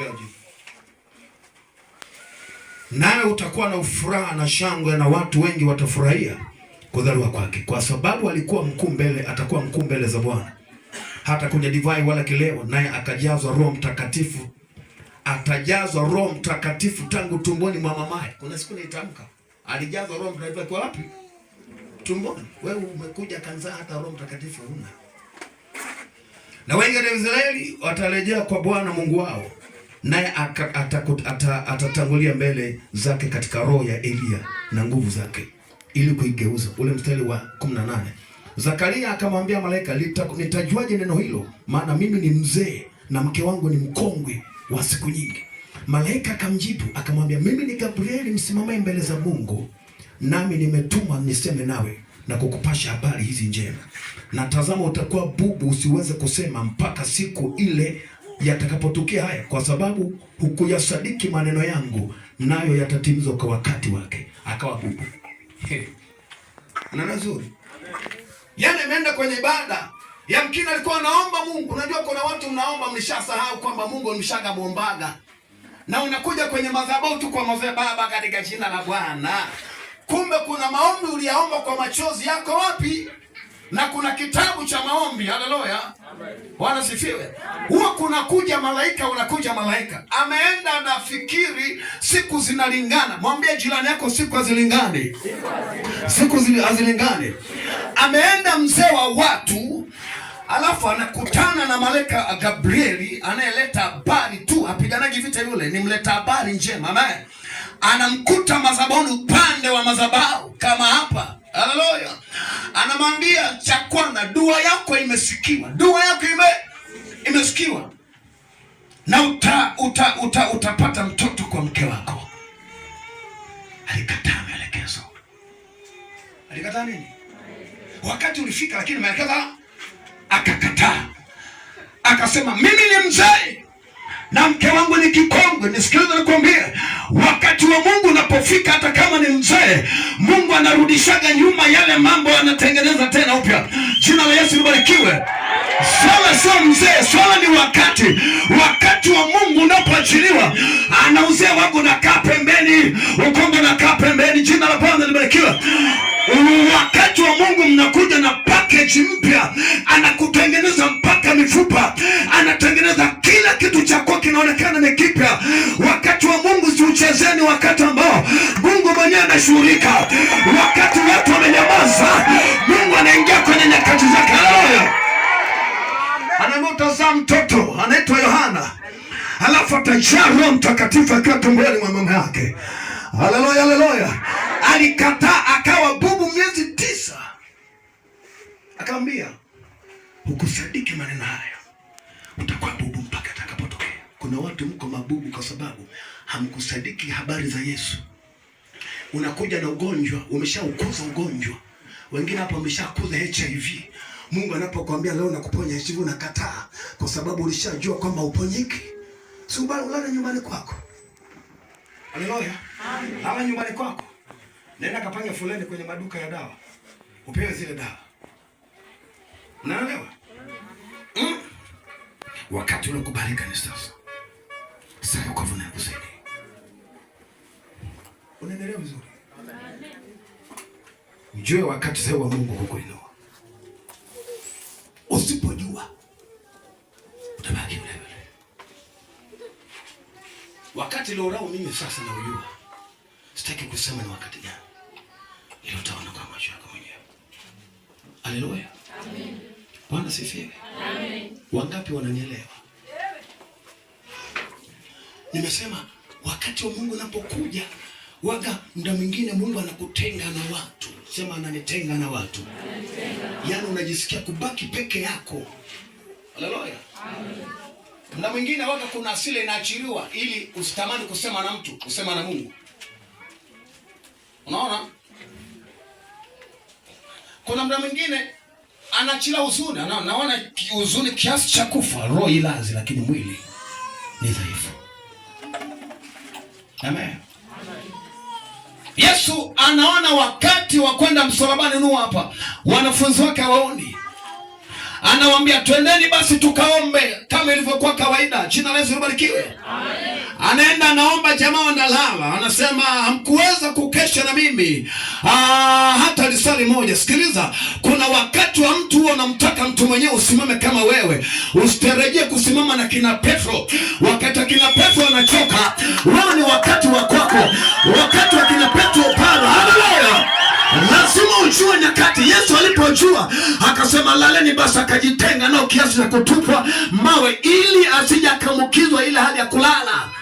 Bethlehem, naye utakuwa na furaha na shangwe, na watu wengi watafurahia kuzaliwa kwake, kwa sababu alikuwa mkuu mbele, atakuwa mkuu mbele za Bwana, hata kunywa divai wala kileo, naye akajazwa Roho Mtakatifu. Atajazwa Roho Mtakatifu tangu tumboni mwa mamaye. Kuna siku nitamka alijazwa Roho Mtakatifu kwa wapi? Tumboni. Wewe umekuja kanisa, hata Roho Mtakatifu huna. Na wengi wa Israeli watarejea kwa Bwana Mungu wao naye atatangulia mbele zake katika roho ya Eliya na nguvu zake, ili kuigeuza. Ule mstari wa 18, Zakaria akamwambia malaika, nitajuaje neno hilo? Maana mimi ni mzee na mke wangu ni mkongwe wa siku nyingi. Malaika akamjibu akamwambia, mimi ni Gabrieli msimamaye mbele za Mungu, nami nimetumwa niseme nawe na kukupasha habari hizi njema. Na tazama, utakuwa bubu usiweze kusema mpaka siku ile yatakapotokea haya, kwa sababu hukuyasadiki maneno yangu, nayo yatatimizwa kwa wakati wake. Akawa bubu nana zuri, yani ameenda kwenye ibada yamkini alikuwa anaomba Mungu. Unajua, kuna watu mnaomba mlishasahau kwamba Mungu bombaga, na unakuja kwenye madhabahu tu kwa mazoea, Baba katika jina la Bwana. Kumbe kuna maombi uliyaomba kwa machozi yako, wapi? na kuna kitabu cha maombi. Haleluya, Bwana sifiwe. Huwa kunakuja malaika, unakuja malaika ameenda na fikiri, siku zinalingana. Mwambie jirani yako, siku hazilingani, siku hazilingani. Ameenda mzee wa watu, alafu anakutana na malaika Gabrieli anayeleta habari tu, apiganaji vita, yule ni mleta habari njema, naye anamkuta madhabahuni, upande wa madhabahu kama hapa Haleluya. Anamwambia cha kwanza, dua yako imesikiwa, dua yako ime, imesikiwa na uta, uta, uta, utapata mtoto kwa mke wako. Alikataa maelekezo, alikataa nini? Wakati ulifika, lakini maelekezo akakataa, akasema mimi ni mzee na mke wangu ni kikongwe. Nisikilize nikwambie Wakati wa Mungu unapofika, hata kama ni mzee, Mungu anarudishaga nyuma yale mambo, anatengeneza tena upya. Jina la Yesu libarikiwe. Swala sio mzee, swala ni wakati. Wakati wa Mungu unapoachiliwa, ana uzee wangu unakaa pembeni, ukongo nakaa pembeni. Jina la Bwana libarikiwe. Wakati wa Mungu mnakuja na package mpya kinaonekana ni kipya. Wakati wa Mungu siuchezeni, wakati ambao Mungu mwenyewe anashughulika. Wakati watu wamenyamaza, Mungu anaingia kwenye nyakati zake. Haleluya! Anaambia mtoto anaitwa Yohana, alafu atajaa Roho Mtakatifu akiwa tumboni mwa mama yake. Haleluya, haleluya! Alikataa akawa bubu miezi tisa, akaambia hukusema wote mko mabubu kwa sababu hamkusadiki habari za Yesu. Unakuja na ugonjwa, umeshaukuza ugonjwa. Wengine hapa wameshakuza HIV. Mungu anapokuambia leo nakuponya HIV unakataa kwa sababu ulishajua kwamba uponyiki. Si ubaya ulale nyumbani kwako. Haleluya. Amen. Lala nyumbani kwako. Nenda kapanya foleni kwenye maduka ya dawa. Upewe zile dawa. Unaelewa? Mm. Wakati unakubalika ni sasa. Sasa wokovu na kusaidia. Unaendelea vizuri? Amen. wakati sasa wa Mungu kukuinua. Usipojua utabaki Wakati mimi sasa na ujua. Sitaki kusema ni wakati gani. Ili utaona kwa macho yako mwenyewe. Haleluya. Amen. Bwana sifiwe. Amen. Wangapi wananielewa? Nimesema wakati wa Mungu unapokuja waga, muda mwingine Mungu anakutenga na watu. Sema ananitenga na watu, yaani unajisikia kubaki peke yako. Haleluya. Muda mwingine waga, kuna asili inaachiliwa ili usitamani kusema na mtu, kusema na Mungu. Unaona, kuna muda mwingine anachila huzuni, naona huzuni kiasi cha kufa, roho ilazi, lakini mwili ni dhaifu. Amen. Yesu anaona wakati wa kwenda msalabani nu hapa, wanafunzi wake hawaoni, anawambia twendeni basi tukaombe kama ilivyokuwa kawaida. Jina la Yesu libarikiwe. Anaenda anaomba, jamaa wanalala, anasema hamkuweza ku kuonyesha na mimi aa, ah, hata lisali moja. Sikiliza, kuna wakati wa mtu huo unamtaka mtu mwenyewe usimame kama wewe, usitarajie kusimama na kina Petro. Wakati akina Petro anachoka, wewe ni wakati wa kwako. Wakati wa kina Petro pala, haleluya lazima ujue nyakati. Yesu alipojua akasema laleni basi, akajitenga nao kiasi cha kutupwa mawe, ili asije akamukizwa ile hali ya kulala.